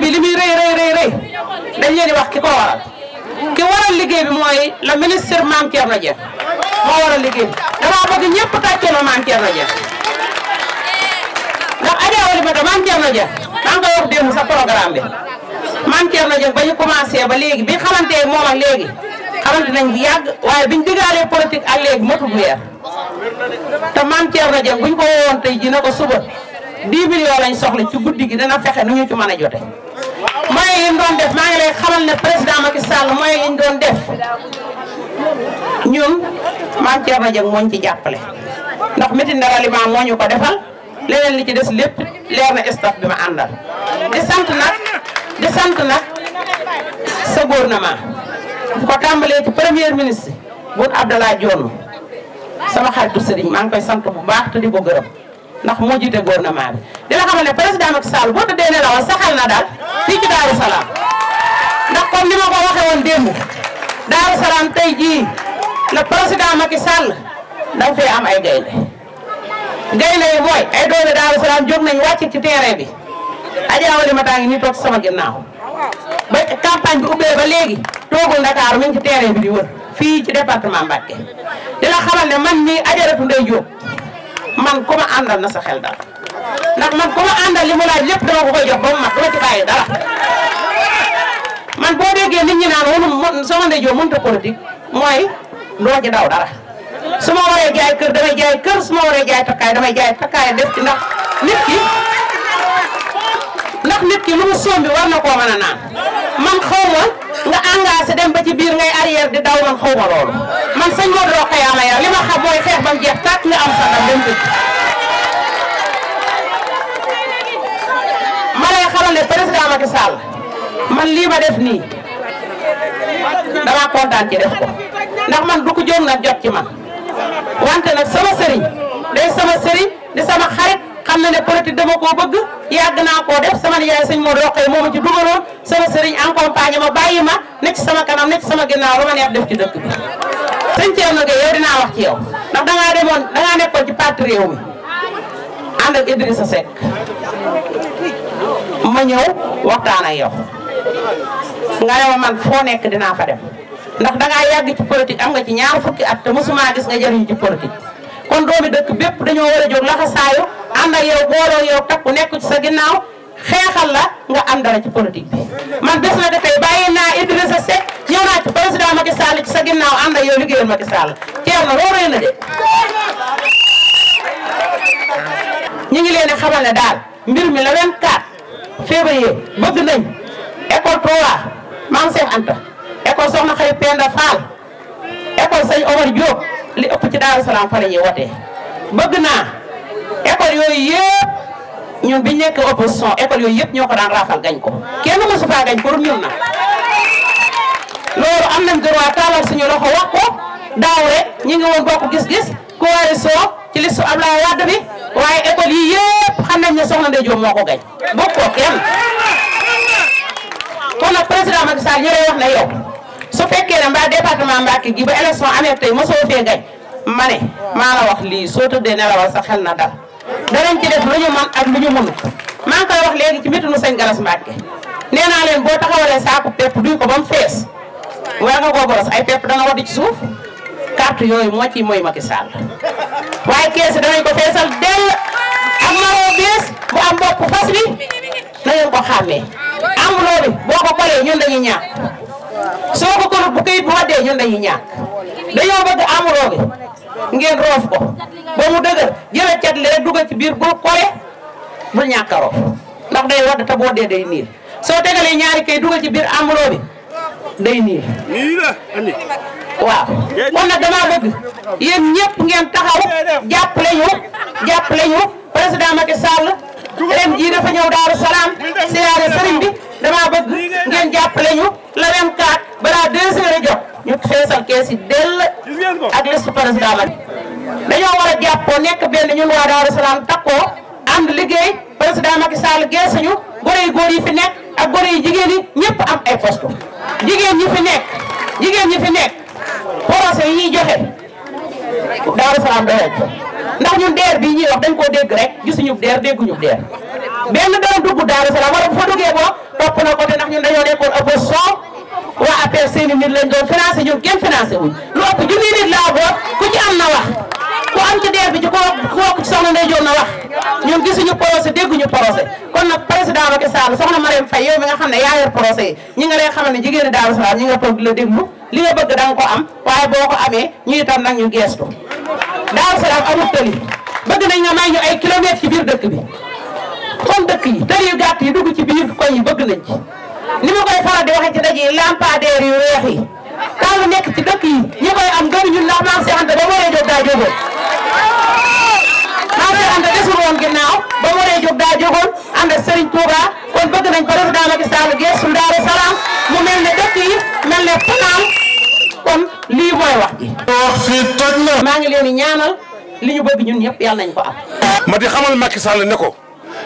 liggéey bi li muy rëy rëy dañ leen di wax ki ko waral ki waral liggéey bi mooy la ministre Mame na Dieng moo waral liggéey bi damaa bëgg ñëpp tàccee ma Mame Thierno Dieng ndax Adja Oulimata Mame maa ngi koy wax démb sa programme bi Mame Thierno Dieng ba ñu commencé ba léegi bi xamante moom ak léegi xamante nañ yàgg waaye biñ digaalee politique ak léegi motul weer te Mame Thierno Dieng buñ ko woowoon ji na ko suba 10 millions lañ soxla ci guddi gi dana fexe nu ñu ci mën a jote liñ doon def maa ngi lay xamal ne président Macky Sall mooy liñ doon def ñun maam Thierno Dieng mooñ ñu ci jàppale. ndax metti na ralliement moo ñu ko defal leneen li ci des lépp leer na staff bi ma àndal di sant nag di sant nag sa gouvernement bu ko tàmbalee ci premier ministre Boun Abdallah Dionne sama xaritu sëriñ maa ngi koy sant bu baax te di ko gërëm ndax moo jiite gouvernement bi di la xamal ne président Macky Sall boo tëddee nelawal saxal na daal fii ci Daaru Salaam ndax comme li ma ko waxee démb Daaru tey jii le président Macky sàll dafa fee am ay gaynde gaynde yi mooy ay doole Daaru jóg nañ wàcc ci terrain bi Adja Oulimata ngi nii toog sama ginnaaw ba campagne bi ubbee ba léegi toogul Dakar mi ci terrain bi di wër fii ci département Mbacké di la xamal ne man mii Adjaratou Ndeye Diop man ku ma àndal na sa xel dal ndax man ku ma àndal li mu laaj lépp dama ko koy jox ba mu mat dama ci bàyyi dara man boo déggee nit ñi naan wonu sama ndeyjo mënut a politique mooy ndoo ci ma waree jaay kër damay jaay ma waree jaay takkaay damay jaay takkaay def ci ndax nit nit ki lu mu sombi war na koo mën a naan man xaw ma nga engagé dem ba ci biir ngay arrière di daw man xaw ma loolu man sëñ Modou Rokhaya ma yar li ma xam mooy xeex ba jeex tàkk nga am sa ndam dem man de président Macky man lii ma def nii damaa kontaan ci def ko ndax man du ko jóg nag jot ci man wante nag sama sëriñ day sama sëriñ di sama xarit xam na ne politique dama koo bëgg yàgg naa koo def sama nijaay sëñ Modou Rokhaya moo ma ci dugaloon sama sëriñ accompagné ma bàyyi ma nekk ci sama kanam nekk sama ginnaaw lu ma neex def ci dëkk bi. sëñ Thierno Gueye yow dinaa wax ci yow ndax dangaa demoon dangaa nekkoon ci parti mi ànd ak Idrissa Seck. ma ñëw waxtaan ak yow nga ne ma man foo nekk dinaa fa dem ndax dangaa yàgg ci politique am nga ci ñaar fukki at te mosuma gis nga jëriñ ci politique. kon doomi dëkk bépp dañoo war a jóg laxa saayu ànd ak yow booloo yow takku nekk ci sa ginnaaw xeexal la nga am dara ci politique bi. man bés a dafay bàyyi naa Idrissa Seck ñëw naa ci président Macky ci sa ginnaaw ànd ak yow liggéeyal Macky Sall Thierno rooree na de. ñu ngi leen a xamal ne daal mbir mi la 24. février bëgg nañ école Touba Mame Cheikh Anta école Soxna Xarit Penda Fall école Sëñ Omar Diop li ëpp ci Daaru Salaam fa la ñuy wootee bëgg naa école yooyu yëpp ñun biñ nekk opposition école yooyu yëpp ñoo ko daan raafal gañ ko kenn mësu faa gañ ko ñun na loolu am nañ droit taalal suñu loxo wax ko daaw ngi woon bokk gis-gis coalition ci listu Abdoulaye Wade bi waaye école yii yëpp xam nañ ne soxna Ndeye Diop moo ko gañ bokkoo kenn kon nag président Macky Sall ñëwee wax na yow su fekkee ne mbaa département Mbacké gi ba élection amee tey mosoo fee gañ ma ne maa la wax lii soo tëddee nelawal sa xel na dal danañ ci def lu ñu man ak lu ñu mënut maa ngi koy wax léegi ci métinu sëñ Galas Mbacké nee naa leen boo taxawalee saaku pepp duy ko ba mu fees war nga koo boros ay pepp danga wadi ci suuf carte yooyu moo ciy mooy Macky Sall waaye kees danañ ko feesal dell am maroo bees bu am bopp fas bi na ko xàmmee amuloo bi boo ko kolee ñun dañuy ñàkk ko kolut bu kayit bu waddee ñun dañuy ñàkk dañoo bëgg amuloo bi ngeen roof ko ba mu dëgër jële cat li rek ci biir bul kole bul ñàkk a roof ndax day wadd te boo dee day niir soo tegalee ñaari kay dugal ci biir amuloo bi day nii. nii la andi. waaw kon nag damaa bëgg yéen ñëpp ngeen taxaw jàppale ñu jàppale ñu président Macky Sall ren jii dafa ñëw Daaru Salaam siyaare sëriñ bi damaa bëgg ngeen jàppale ñu le 24 balaa 2 heures a jot ñu feesal kees yi dell ak liste président Macky dañoo war a jàppoo nekk benn ñun waa Daaru Salaam takkoo ànd liggéey président Macky Sall geesuñu gore yu góor yi fi nekk ak gore yu jigéen yi am ay poste jigéen ñi fi nekk jigéen ñi fi nekk procès yi ñuy joxe Daaru Salaam doyal ndax ñun DER bii ñuy wax dañ koo dégg rek gisuñu DER dégguñu DER benn dara dugg Daaru Salaam wala bu fa duggee boo topp na ko te ndax ñun dañoo nekkoon opposition waa APR seeni nit lañ doon financé ñun kenn financé wuñ lu ëpp junni nit laa boot ku ci am na wax ku am ci DER bi ci ku ci soxna Ndeye na wax ñun gisuñu procès dégguñu procès Sall soxna Marème Faye yow mi nga xam ne yaa yor yi ñi nga lay xamal ne jigéenu Daaru Salaam ñi nga toog la déglu li nga bëgg da nga ko am waaye boo ko amee ñu itam nag ñu geestu Daaru Salaam amul tëli bëgg nañ nga may ñu ay kilomètres ci biir dëkk bi kon dëkk yi tëli yu gàtt yi dugg ci biir koñ yi bëgg nañ ci li ma koy faral di waxee ci daj yi lampadaire yu weex yi taal nekk ci dëkk yi ñi koy am gënuñu ndax maam si Anta da moo lay jóg jóg daa jógoon ànd ak Serigne Touba kon bëgg nañ président Macky Sall geesul Daaru Salaam mu mel ne dëkk yi mel ne Fanaam kon lii wax maa ngi leen di ñaanal li ñu bëgg ñun nañ ko am. ma di xamal Macky Sall ne ko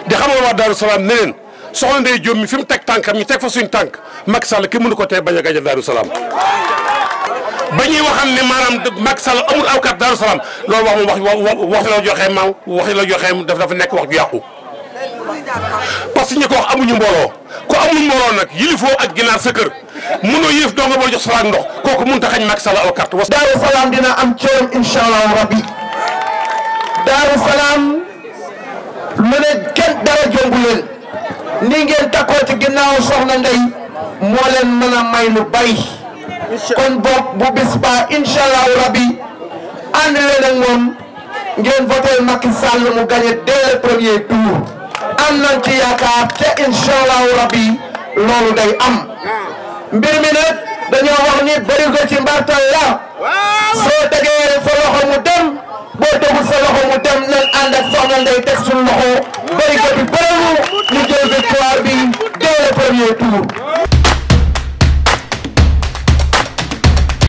di xamal waa Daaru Salaam ne leen soxna mi fi mu teg tànkam ñu teg fa suñu tànk Macky Sall ki mënu ko tey bañ a gañe Daaru Salaam. ba ñuy waxal ne maanaam Macky Sall amul awkat Daaru Salaam loolu wax moom wax wax la joxee maaw wax la joxee daf dafa nekk wax ju yàqu parce que ñi ko amuñu mbooloo ko amuñu mbooloo nag yilifoo ak ginaar sa kër mënoo yilif doo nga booy jox sa ndox kooku mun taxañ Macky Sall aw carte was Daaru dina am coom insha allah rabbi Daaru Salaam mu ne kenn dara jombu ni ngeen takkoo ci ginnaaw soxna ndey moo leen mën a may lu bari kon boog bu bis ba rabbi ànd leen ak moom ngeen voté Macky Sall mu gagné dès premier tour am nañ ci yaakaar te incha allahu rabbi loolu day am mbir mi nag dañoo wax ni barigo mbartal la soo tegee sa loxo mu dem boo tegul sa loxo mu dem nañ ànd ak soxna Ndeye loxo barigo bi bëriwul ñu jël victoire bi dès le premier